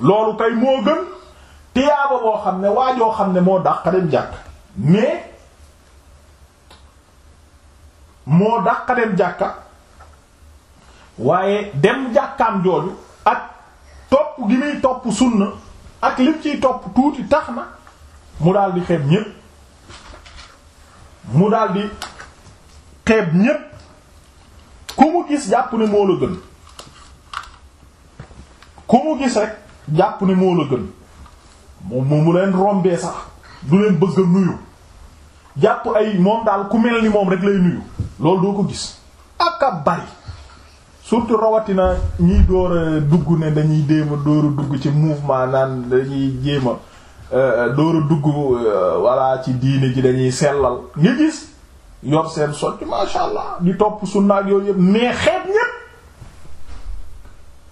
loolu kay moo gën tiyaaba boo xam ne waajoo xam ne moo dàq dem jàkk mais moo dàq jàkka waaye dem jàkkaam jooju ak topp gi muy topp sunna ak lim ciy topp tuuti tax na mu daal di xeeb ñépp mu daldi xeeb ñépp ku mu gis jàpp ne moo la gën ku mu gis rek jàpp ne moo la gën moom mu leen rombee sax du leen bëgg a nuyu jàpp ay moom daal ku mel ni moom rek lay nuyu loolu doo ko gis ak a bari surtout rawatina ñiy door a dugg ne dañuy déema door dugg ci mouvement naan dañuy jéema Euh, euh, dooru a dugg walla euh, ci diine ji dañuy sellal nga gis yor seen socc masha allah di topp sunna ak yooyu yëpp mais xeet ñépp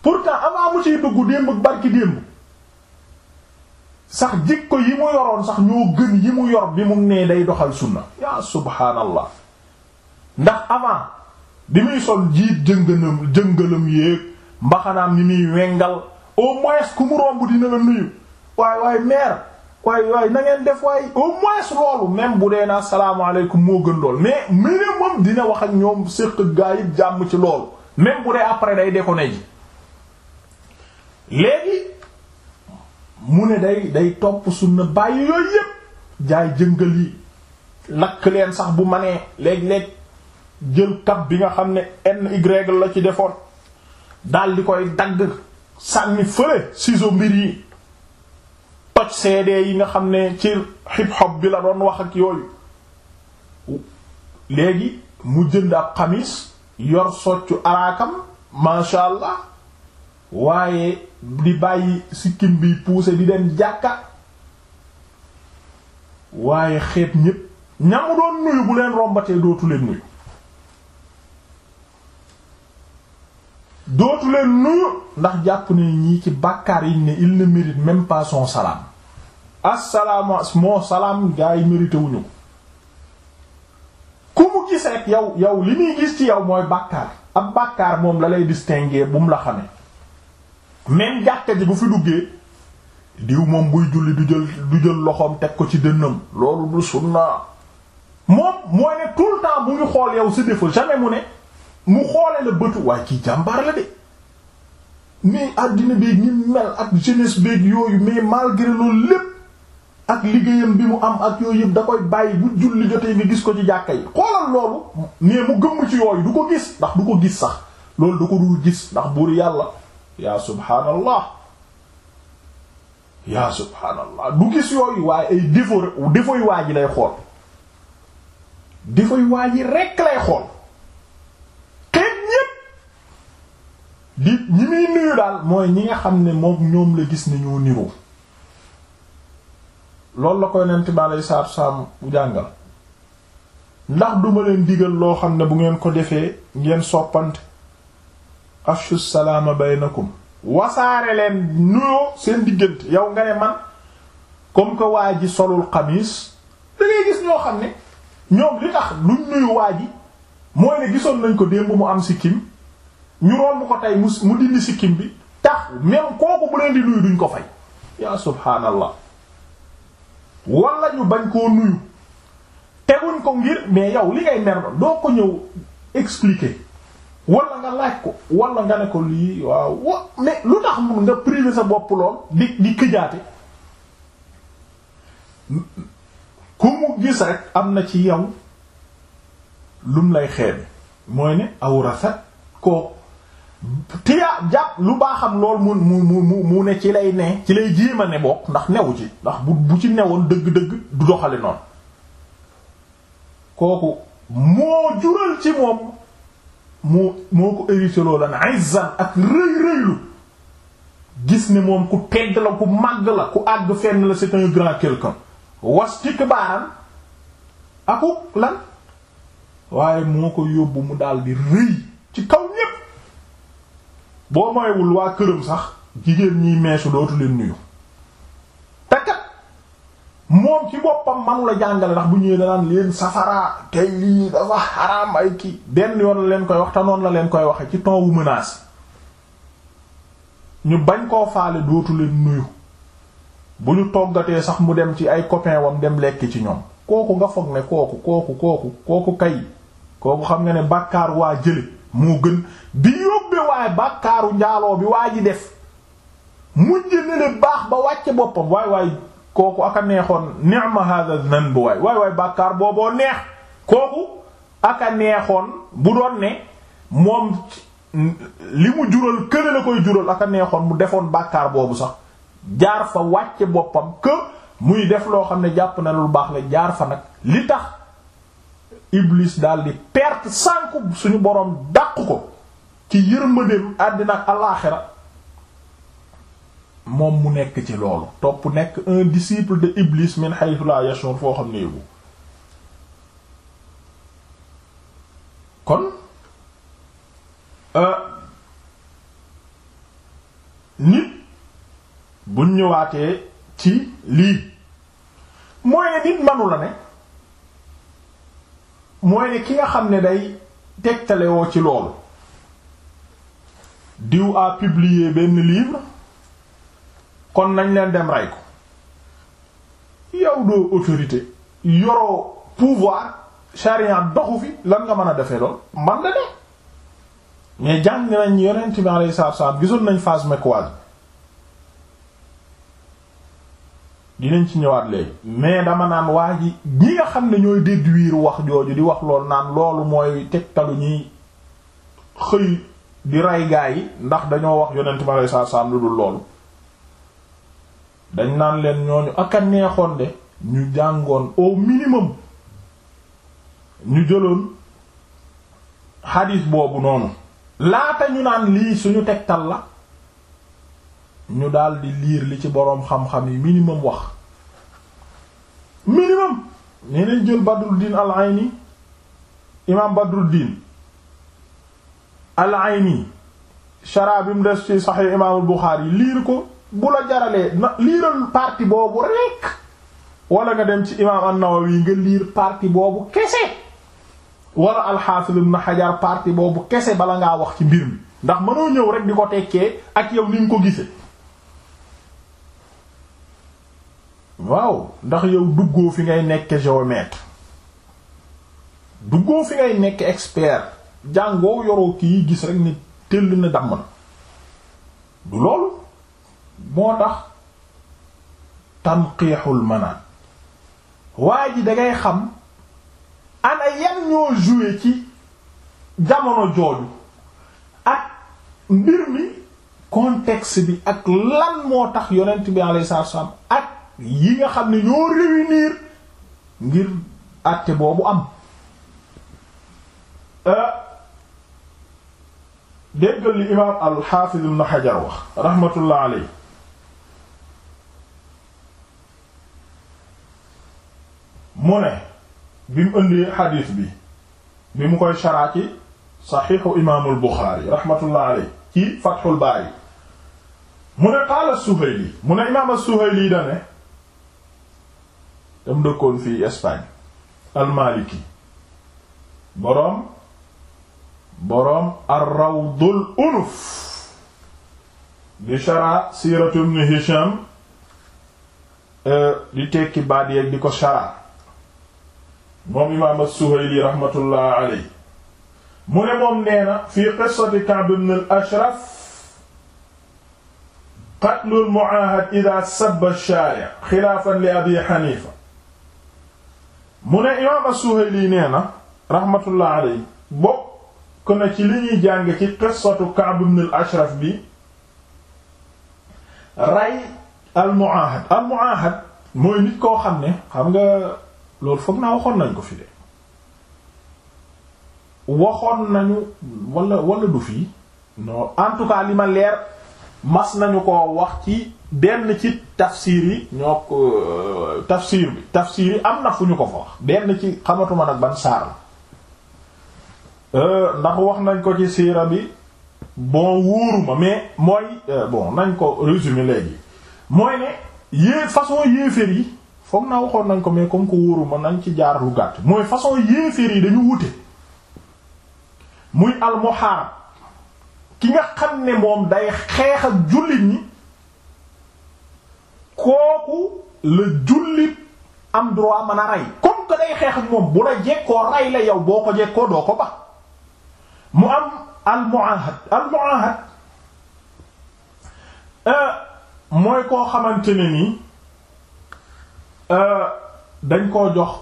pourtant avant mu ciy dugg démb barki démb sax jikko yi mu yoroon sax ñoo gën yi mu yor bi mu nee day doxal sunna yaa subhaanallah ndax avant bi muy sol jiit jëngalam jëngalam yéeg mbaxanaam ni muy wengal au moins ku mu romb dina la nuyu waaye waaye meer waaye waaye na def waaye au moins loolu même bu dee naa salaamaaleykum moo gën lool mais minimum dina wax ak ñoom séq gaa jàmm ci loolu même bu dee après day déconné ji léegi mu ne day day topp sunna bàyyi yooyu yépp jaay jëngal yi lakk leen sax bu manee léeg-léeg jël kap bi nga xam ne ny la ci defoon daal di koy dagg sànni fële ciseaux mbir yi toj CD yi nga xam ne ci hip hop bi la doon wax ak yooyu léegi mu jënd ab xamis yor soccu araakam masha allah waaye di bàyyi sikkim bi poussé di dem jàkka waaye xeet ñépp ñamu doon nuyu bu leen rombatee dootu leen nuyu dootu leen nuyu ndax jàpp ne ñii ci bàkkaar yi ne il mérite même pas son asalaama moo salaam gaa yi mérité wuñu ko ku mu gis rek yow yow li muy gis ci yow mooy bàkkaar ab bàkkaar moom la lay distinguer bu mu la xamee même jàkka ji bu fi duggee diw moom buy julli du jël du jël loxoom teg ko ci dënnam loolu du sunna moom mooy ne tout le temps mu xool yow sa défaut jamais mu ne mu xoole la bëtu waaye kii jàmbaar la de mais àddina beeg ñi mel ak jeunesse beeg yooyu mais malgré lépp ak liggéeyam bi mu am ak yooyu yëpp da koy bàyyi bu julli jotee nga gis ko ci jàkka yi xoolal loolu nee mu gëmm ci yooyu du ko gis ndax du ko gis sax loolu du ko dul gis ndax buur yàlla yaa subhaanallah yaa subhaanallah du gis yooyu waaye ay défaut défaut yu waa ji lay xool défaut yu waa ji lay xool xeet ñépp di ñi muy nuyu daal mooy ñi nga xam ne moom ñoom la gis ne ñoo niroo loolu la koy nent bi alei salaatu salaam jàngal ndax duma leen digal loo xam ne bu ngeen ko defee ngeen soppante afshu salaama baynakum wasaare leen nuyoo seen diggante yow nga ne man comme que waa ji solul xamiis da gis ñoo xam ne ñoom li tax luñ nuyu waa mooy ne gisoon nañ ko démb mu am sikkim ñu romb ko tey mu dindi sikkim bi tax même kooku bu leen di nuyu duñ ko fay yaa subhaanallah wala ñu bañ koo nuyu teguñ ko ngir mais yow li ngay mer doo ko ñëw expliquer wala nga laaj ko wala nga ne ko lii waaw wa mais lu tax mun nga priver sa bopp lool di di këjaate ku mu gis rek am na ci yow lum lay xeeb mooy ne awrasat koo tiyaa jàpp lu baaxam lool mu mu mu mu ne ci lay ne ci lay ma ne bokk ndax newu ci ndax bu bu ci newoon dëgg-dëgg du doxale noonu kooku moo jural ci moom moo moo ko hérité loola na izzan ak rëy rëylu gis ni moom ku tedd la ku màgg la ku àgg fenn la c'est un grand quelqu'un wastikbaaran akuk lan waaye moo ko yóbbu mu daal di rëy ci kaw boo mooywul waa këram sax jigéen ñiy meesu dootu leen nuyu takkat moom ci boppam manu la jàngale ndax bu ñuy danaan leen safara tey lii dafa xaraam ay kii benn yoon la leen koy waxtanoon la leen koy waxe ci ton wu menace ñu bañ koo faale dootu leen nuyu bu ñu toggatee sax mu dem ci ay copain wam dem lekk ci ñoom kooku nga foog ne kooku kooku kooku kooku kay kooku xam nga ne bàkkaar waa jële moo gën bi yóbbe waaye bàkkaaru njaaloo bi waa ji def mujj ne ne baax ba wàcce boppam waay waay kooku aka neexoon ni'ma hadha dhanb waay waay waay bàkkaar booboo neex kooku aka neexoon bu doon ne moom li mu jural kële la koy jural aka neexoon mu defoon bàkkaar boobu sax jaar fa wàcce boppam que muy def loo xam ne jàpp na lu baax la jaar fa nag li tax iblis daal di nekk sànku suñu boroom dàq ko ci yërmandeem àddina ak alaaxira moom mu nekk ci loolu topp nekk un disciple de Iblis min haythu la yashur foo xam ne yëgu kon euh, nit buñ ñëwaatee ci lii mooy nit manu la ne mooy ne ki nga xam ne day tegtale woo ci loolu diw a publié benn livre kon nañ leen dem rey ko yow doo autorité yoroo pouvoir charia doxu fi lan nga mën a defee lool man da de mais jàng nañ yonent bi alayhi salaatu wa salaam gisoon nañ phase mécoise dinañ ci ñëwaat mais dama naan waa ji ñi xam ne ñooy déduire wax jooju di wax loolu naan loolu mooy tegtalu ñi xëy di ray gaa yi ndax dañoo wax yonent ma lay saa saam lu dul loolu dañ naan leen ñooñu ak a neexoon de ñu jàngoon au minimum ñu jëloon xadiis boobu noonu laata ñu naan lii suñu tegtal la ñu daldi liir li ci boroom xam-xam yi minimum wax minimum nee nañ jël Badruddin al-Ayni imaam Badruddin al-Ayni shara bi mu des ci Sahih imaamul yi liir ko bu la jaralee na liiral parti boobu rekk wala nga dem ci imaam an-Nawawi nga liir partie boobu kese wala al-Hafiz ibn Hajar partie boobu kese bala ngaa wax ci mbir mi ndax mënoo ñëw rek di ko tekkee ak yow ni nga ko gisee. waaw ndax yow duggoo fi ngay nekk géomètre duggoo fi ngay nekk expert jàngoo yoroo kii gis rek nit tëll na damm na du loolu moo tax tanqiixul manaan waa ji dangay xam ana yan ñoo joué ci jamono jooju ak mbir mi contexte bi ak lan moo tax yonent bi alayhi salaam ak yi nga xam ne ñoo réunir ngir àtte boobu am euh, déggal li imaam alxaafiz ibn Hajar wax raxmatullah aley mu ne bi mu indi xadiis bi bi mu koy sharaa saxiixu imaamul Buxaari raxmatullah ci Fathul Baari mu ne qaala Suhayli mu ne imaam as-Suhayli dane tam dëkkoon fii Espagne almaliki boroom boroom ar-Rawdul Unuf di shara siiratu ibn Hisham eh, di tekki baat yeeg di ko shara moom imaam as-Suhayli rahmatullah alayhi mu ne moom nee na fii qissati Ka'b ibn al-Ashraf qatlu al-mu'ahad idha sabba ash-shari' khilafan li Abi Hanifa mu ne imaam as-Suhayli nee na rahmatullah alayhi bokk na ci li ñuy jàng ci qissatu Ka'b ibn al-Ashraf bi ray al-mu'ahad al-mu'ahad mooy nit koo xam ne xam nga loolu foog naa waxoon nañ ko fi de waxoon nañu walla wala du fii non en tout cas li ma leer mas nañu ko wax ci benn ci tafsir yi ñoo ko euh, tafsir bi tafsir yi am na fu ñu ko fa benn ci xamatuma nag ban saar euh, ndax wax nañ ko ci siira bi bon wóoruma mais mooy euh, bon nañ ko résumé léegi mooy ne façon yéeféer yi foog naa waxoon nañ ko mais comme ko wóoruma nañ ci jaar lu gàtt mooy façon yéeféer yi dañu wute muy almuharab ki nga xam ne moom day xeex ak jullit ñi kooku la jullit am droit mën a rey comme que day xeex moom bu la jekkoo rey la yow boo ko jekkoo doo ko ba mu am al muahad al muahad euh, mooy koo xamante ne ni euh, dañ koo jox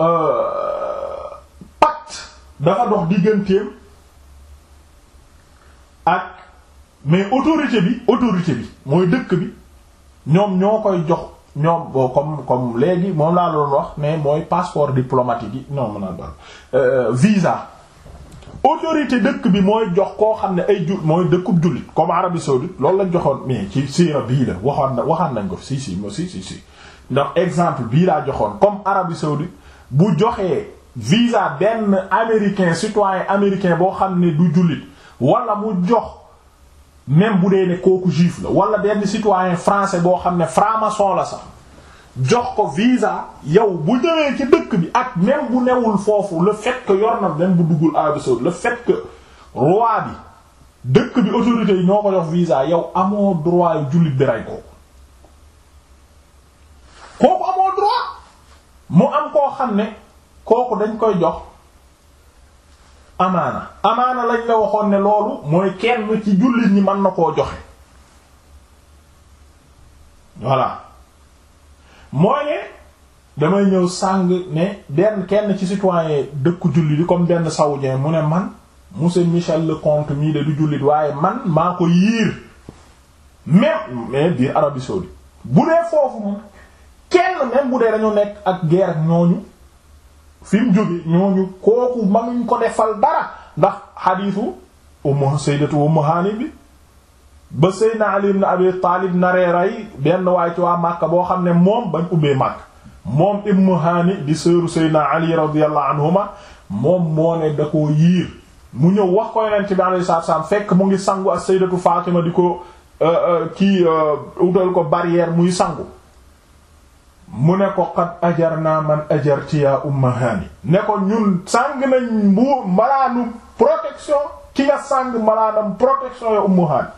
euh, dafa dox digganteem ak mais autorité bi autorité bi mooy dëkk bi ñoom ñoo koy jox ñoom bo comme comme léegi moom laa doon wax mais mooy passeport diplomatique yi non mën naa ba euh, visa autorité dëkk bi mooy jox koo xam ne ay jul mooy dëkkub jullit comme Arabie saoudite loolu lañ joxoon mais ci siira bii la waxoon na waxaan nañ ko si si si ndax exemple bii laa joxoon comme Arabie saoudite bu joxee visa benn américain citoyen américain boo xam ne du jullit wala mu jox même bu dee ne kooku juif la wala benn citoyen français boo xam ne franc-maçon la sax jox ko visa yow bu ñëwee ci dëkk bi ak même bu newul foofu la fait que yor na même bu duggul Arabie saoudite le fait roi bi dëkk bi autorités yi ñoo ko jox visa yow amoo droit yu jullit bi rey ko kooku amoo droit mu am koo xam ne kooku dañ koy jox amaana amaana lañ la waxoon ne loolu mooy kenn ci jullit ñi mën na koo joxe voilà mooy ne damay ñëw sàng ne benn kenn ci citoyen dëkku jullit yi comme benn saoudien mu ne man monsieur Michel Lecomte mii de du jullit waaye man maa ko yiir même mais biir Arabie saoudite bu dee foofu moom kenn même bu dee dañu nekk ak guerre ak ñooñu fi mu jóge ñooñu kooku manuñ ko defal dara ndax xadiisu umm sayyidatu umm haani bi ba seydna abi taalib naree rey benn waay ci waa màkka boo xam ne moom bañ ubbee màkk moom umm haani di seeru seydna ali radiyallahu anhuma moom moo ne da koo yiir mu ñëw wax ko yonent bi alayhi salaatu salaam fekk mu ngi sangu ak sayyidatu faatima di ko euh, euh, kii euh, utal ko barrière muy sangu mu ne ko qad ajarna man ajarti ya umma hani ne ko ñun sàng nañ mbuur malaanu protection ki nga sàng malaanam protection ya umma hani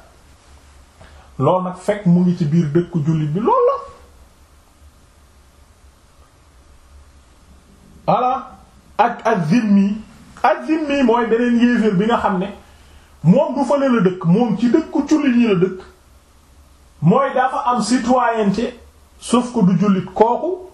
loolu nag fekk mu ngi ci biir dëkku jullit bi loolu la voilà ak ak zimmi ak zimmi mooy beneen yéeféer bi nga xam ne moom du fële la dëkk moom ci dëkku jullit ñi la dëkk mooy dafa am citoyenneté sauf que du jullit kooku